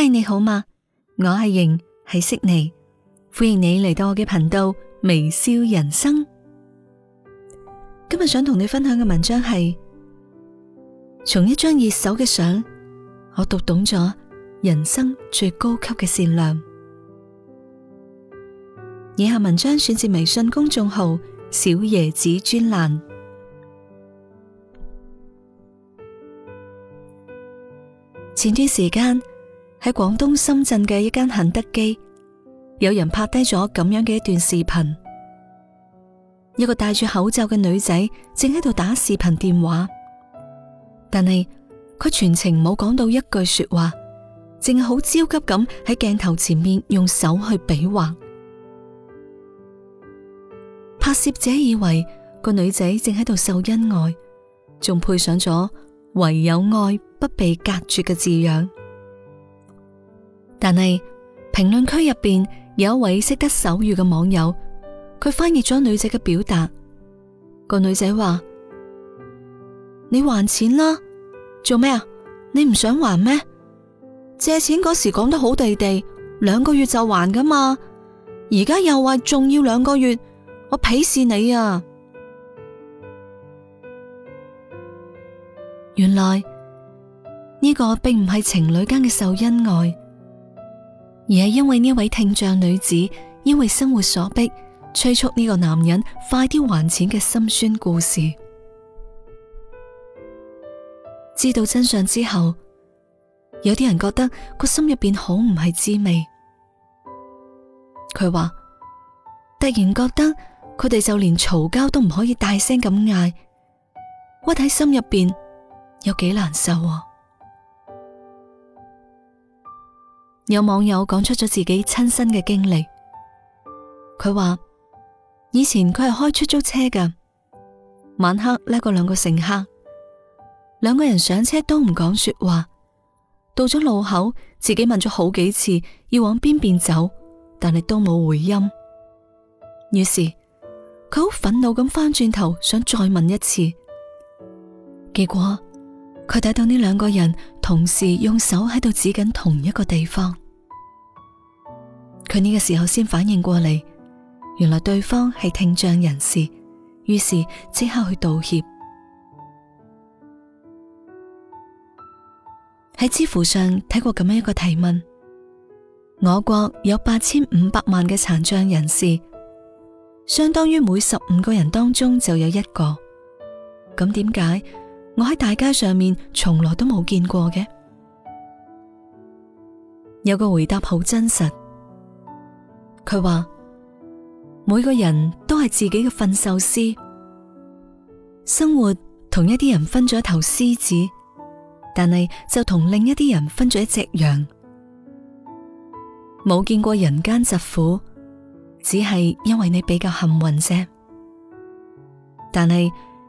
嗨，你好嘛？我係瑩，係悉尼，歡迎你嚟到我嘅頻道微笑人生。今日想同你分享嘅文章係從一張熱搜嘅相，我讀懂咗人生最高級嘅善良。以下文章選自微信公眾號小椰子專欄。前段時間，喺廣東深圳嘅一間肯德基，有人拍低咗咁樣嘅一段視頻。一個戴住口罩嘅女仔正喺度打視頻電話，但係佢全程冇講到一句說話，淨係好焦急咁喺鏡頭前面用手去比劃。拍攝者以為個女仔正喺度秀恩愛，仲配上咗唯有愛不被隔絕嘅字樣。但係評論區入邊有一位識得手語嘅網友，佢翻譯咗女仔嘅表達。個女仔話：你還錢啦，做咩啊？你唔想還咩？借錢嗰時講得好地地，兩個月就還噶嘛，而家又話仲要兩個月，我鄙視你啊！原來呢個並唔係情侶間嘅秀恩愛。而係因為呢位聽障女子，因為生活所迫，催促呢個男人快啲還錢嘅心酸故事。知道真相之後，有啲人覺得個心入邊好唔係滋味。佢話突然覺得佢哋就連嘈交都唔可以大聲咁嗌，屈喺心入邊有幾難受啊！有網友講出咗自己親身嘅經歷，佢話以前佢係開出租車噶，晚黑拉過兩個乘客，兩個人上車都唔講說話，到咗路口自己問咗好幾次要往邊邊走，但係都冇回音，於是佢好憤怒咁翻轉頭想再問一次，結果佢睇到呢兩個人。同時用手喺度指緊同一個地方，佢呢個時候先反應過嚟，原來對方係聽障人士，於是即刻去道歉。喺知乎上睇過咁樣一個提問：我國有八千五百萬嘅殘障人士，相當於每十五個人當中就有一個。咁點解？我喺大街上面從來都冇見過嘅？有個回答好真實。佢話，每個人都係自己嘅馴獸師，生活同一啲人分咗一頭獅子，但係就同另一啲人分咗一隻羊。冇見過人間疾苦，只係因為你比較幸運啫。但係，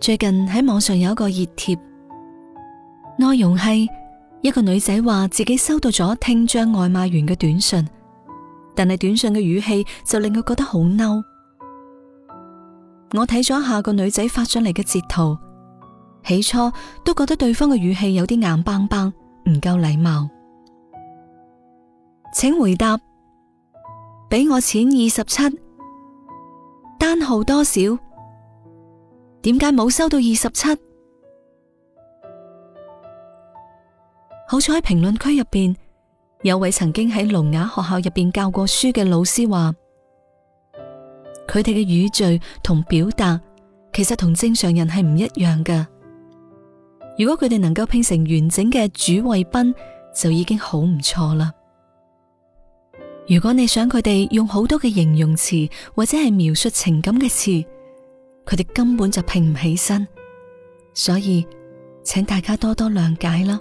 最近喺網上有一個熱帖，內容係一個女仔話自己收到咗聽障外賣員嘅短信，但係短信嘅語氣就令佢覺得好嬲。我睇咗下個女仔發上嚟嘅截圖，起初都覺得對方嘅語氣有啲硬邦邦，唔夠禮貌。請回答，俾我錢二十七，單號多少？點解冇收到二十七？好彩喺評論區入邊有位曾經喺聾啞學校入邊教過書嘅老師話，佢哋嘅語序同表達其實同正常人係唔一樣噶。如果佢哋能夠拼成完整嘅主謂賓，就已經好唔錯啦。如果你想佢哋用好多嘅形容詞或者係描述情感嘅詞。佢哋根本就拼唔起身，所以請大家多多諒解啦。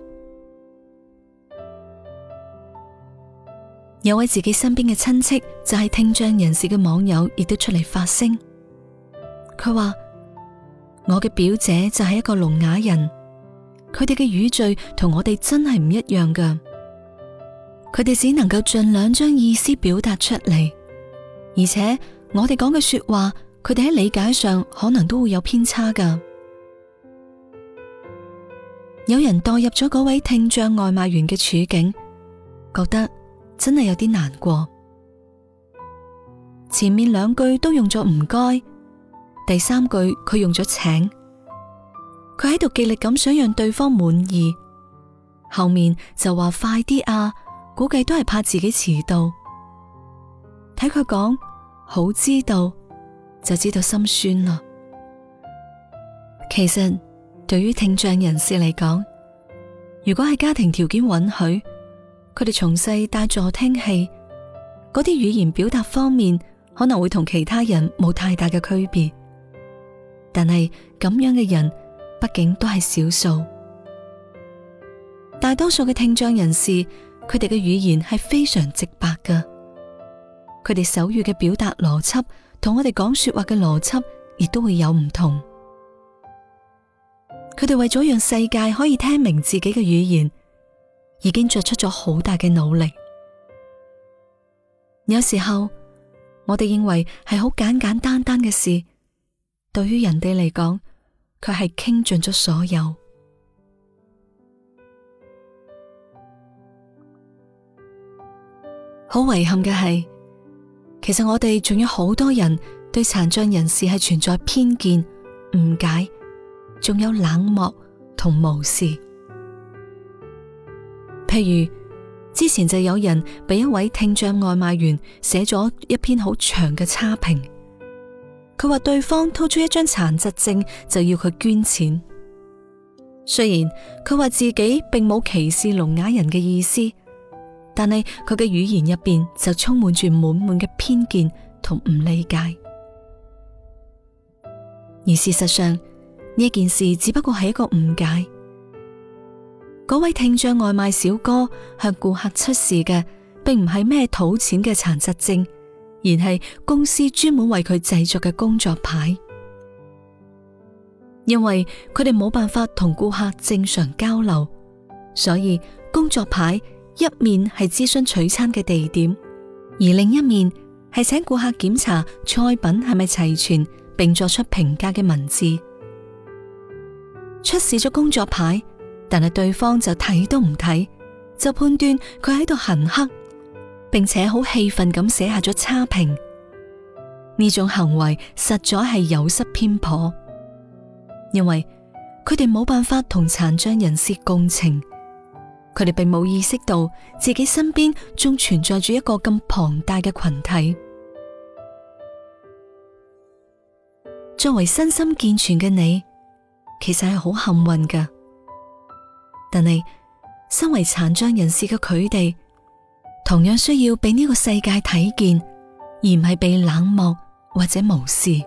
有位自己身邊嘅親戚就係聽障人士嘅網友，亦都出嚟發聲。佢話：我嘅表姐就係一個聾啞人，佢哋嘅語序同我哋真係唔一樣㗎，佢哋只能夠盡量將意思表達出嚟，而且我哋講嘅說話。佢哋喺理解上可能都會有偏差㗎。有人代入咗嗰位聽障外賣員嘅處境，覺得真係有啲難過。前面兩句都用咗唔該，第三句佢用咗請，佢喺度極力咁想讓對方滿意。後面就話快啲啊，估計都係怕自己遲到。睇佢講好知道。就知道心酸啦。其實對於聽障人士嚟講，如果係家庭條件允許，佢哋從細戴助聽器，嗰啲語言表達方面可能會同其他人冇太大嘅區別。但係咁樣嘅人畢竟都係少數，大多數嘅聽障人士，佢哋嘅語言係非常直白噶，佢哋手語嘅表達邏輯。同我哋講說話嘅邏輯，亦都會有唔同。佢哋為咗讓世界可以聽明自己嘅語言，已經作出咗好大嘅努力。有時候我哋認為係好簡簡單單嘅事，對於人哋嚟講，佢係傾盡咗所有。好遺憾嘅係。其實我哋仲有好多人對殘障人士係存在偏見、誤解，仲有冷漠同無視。譬如之前就有人俾一位聽障外賣員寫咗一篇好長嘅差評，佢話對方掏出一張殘疾證就要佢捐錢，雖然佢話自己並冇歧視聾啞人嘅意思。但係佢嘅語言入邊就充滿住滿滿嘅偏見同唔理解，而事實上呢一件事只不過係一個誤解。嗰位聽障外賣小哥向顧客出示嘅，並唔係咩討錢嘅殘疾證，而係公司專門為佢製作嘅工作牌。因為佢哋冇辦法同顧客正常交流，所以工作牌。一面係諮詢取餐嘅地點，而另一面係請顧客檢查菜品係咪齊全，並作出評價嘅文字。出示咗工作牌，但係對方就睇都唔睇，就判斷佢喺度行乞，並且好氣憤咁寫下咗差評。呢種行為實在係有失偏頗，因為佢哋冇辦法同殘障人士共情。佢哋並冇意識到自己身邊仲存在住一個咁龐大嘅群體。作為身心健全嘅你，其實係好幸運㗎。但係身為殘障人士嘅佢哋，同樣需要俾呢個世界睇見，而唔係被冷漠或者無視。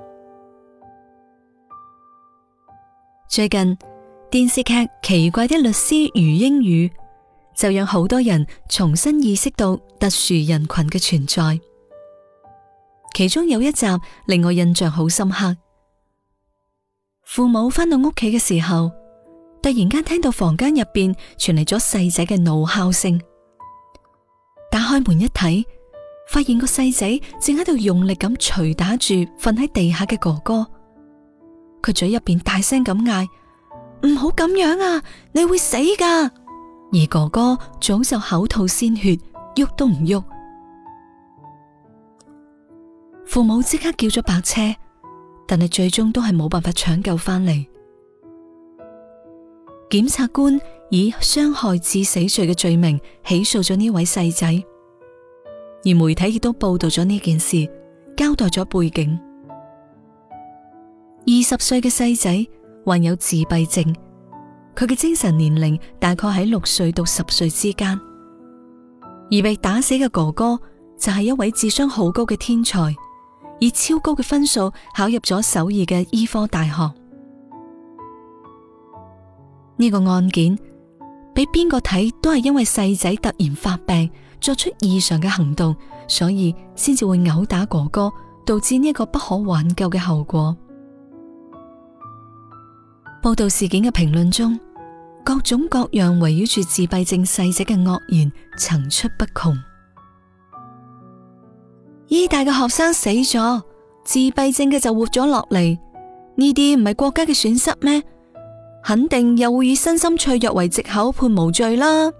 最近電視劇《奇怪的律師禹英禑》。就讓好多人重新意識到特殊人群嘅存在。其中有一集令我印象好深刻。父母翻到屋企嘅時候，突然間聽到房間入邊傳嚟咗細仔嘅怒哮聲。打開門一睇，發現個細仔正喺度用力咁捶打住瞓喺地下嘅哥哥。佢嘴入邊大聲咁嗌：唔好咁樣啊，你會死噶！而哥哥早就口吐鮮血，喐都唔喐。父母即刻叫咗白車，但係最終都係冇辦法搶救翻嚟。檢察官以傷害致死罪嘅罪名起訴咗呢位細仔，而媒體亦都報道咗呢件事，交代咗背景。二十歲嘅細仔患有自閉症。佢嘅精神年齡大概喺六歲到十歲之間，而被打死嘅哥哥就係一位智商好高嘅天才，以超高嘅分數考入咗首爾嘅醫科大學。呢個案件俾邊個睇都係因為細仔突然發病，作出異常嘅行動，所以先至會毆打哥哥，導致呢一個不可挽救嘅後果。報道事件嘅評論中，各種各樣圍繞住自閉症逝者嘅惡言層出不窮。醫大嘅學生死咗，自閉症嘅就活咗落嚟，呢啲唔係國家嘅損失咩？肯定又會以身心脆弱為借口判無罪啦。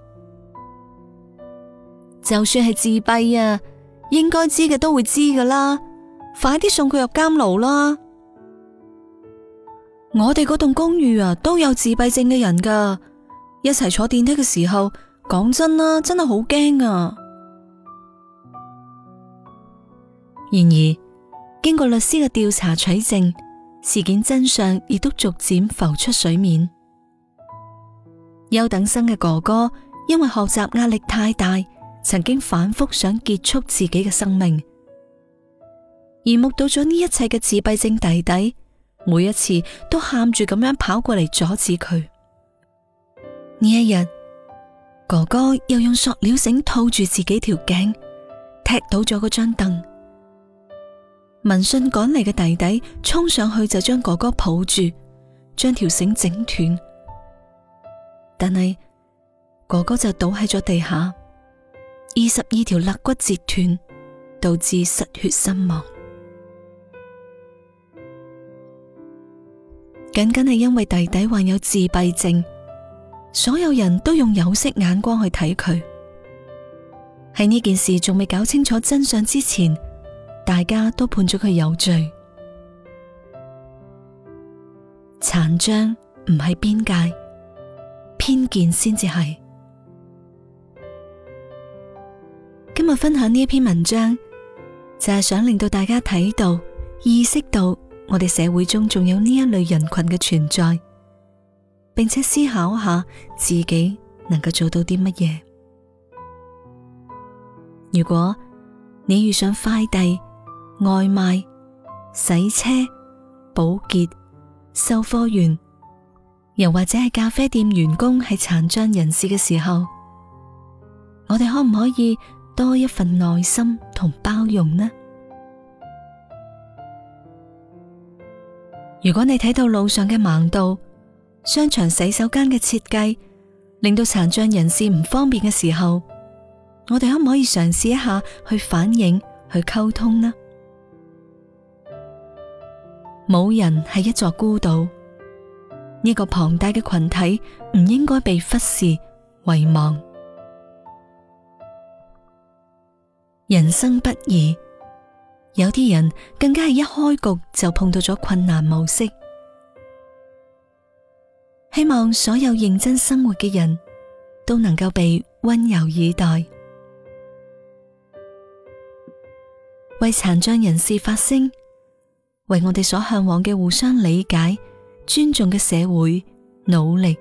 就算係自閉啊，應該知嘅都會知噶啦，快啲送佢入監牢啦！我哋嗰棟公寓啊，都有自閉症嘅人㗎，一齊坐電梯嘅時候，講真啦，真係好驚啊！然而，經過律師嘅調查取證，事件真相亦都逐漸浮出水面。優等生嘅哥哥因為學習壓力太大，曾經反復想結束自己嘅生命，而目睹咗呢一切嘅自閉症弟弟。每一次都喊住咁樣跑過嚟阻止佢。呢一日，哥哥又用塑料繩套住自己條頸，踢倒咗嗰張凳。聞訊趕嚟嘅弟弟衝上去就將哥哥抱住，將條繩整斷。但係哥哥就倒喺咗地下，二十二條肋骨折斷，導致失血身亡。僅僅係因為弟弟患有自閉症，所有人都用有色眼光去睇佢。喺呢件事仲未搞清楚真相之前，大家都判咗佢有罪。殘障唔係邊界，偏見先至係。今日分享呢篇文章，就係想令到大家睇到、意識到。我哋社會中仲有呢一類人群嘅存在，並且思考下自己能夠做到啲乜嘢。如果你遇上快遞、外賣、洗車、保潔、售貨員，又或者係咖啡店員工係殘障人士嘅時候，我哋可唔可以多一份耐心同包容呢？如果你睇到路上嘅盲道、商場洗手間嘅設計令到殘障人士唔方便嘅時候，我哋可唔可以嘗試一下去反映、去溝通呢？冇人係一座孤島，呢、這個龐大嘅群體唔應該被忽視、遺忘。人生不易。有啲人更加係一開局就碰到咗困難模式。希望所有認真生活嘅人都能夠被溫柔以待，為殘障人士發聲，為我哋所向往嘅互相理解、尊重嘅社會努力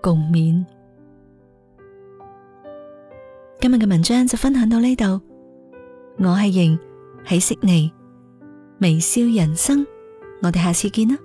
共勉。今日嘅文章就分享到呢度，我係瑩。喺悉尼微笑人生，我哋下次見啦。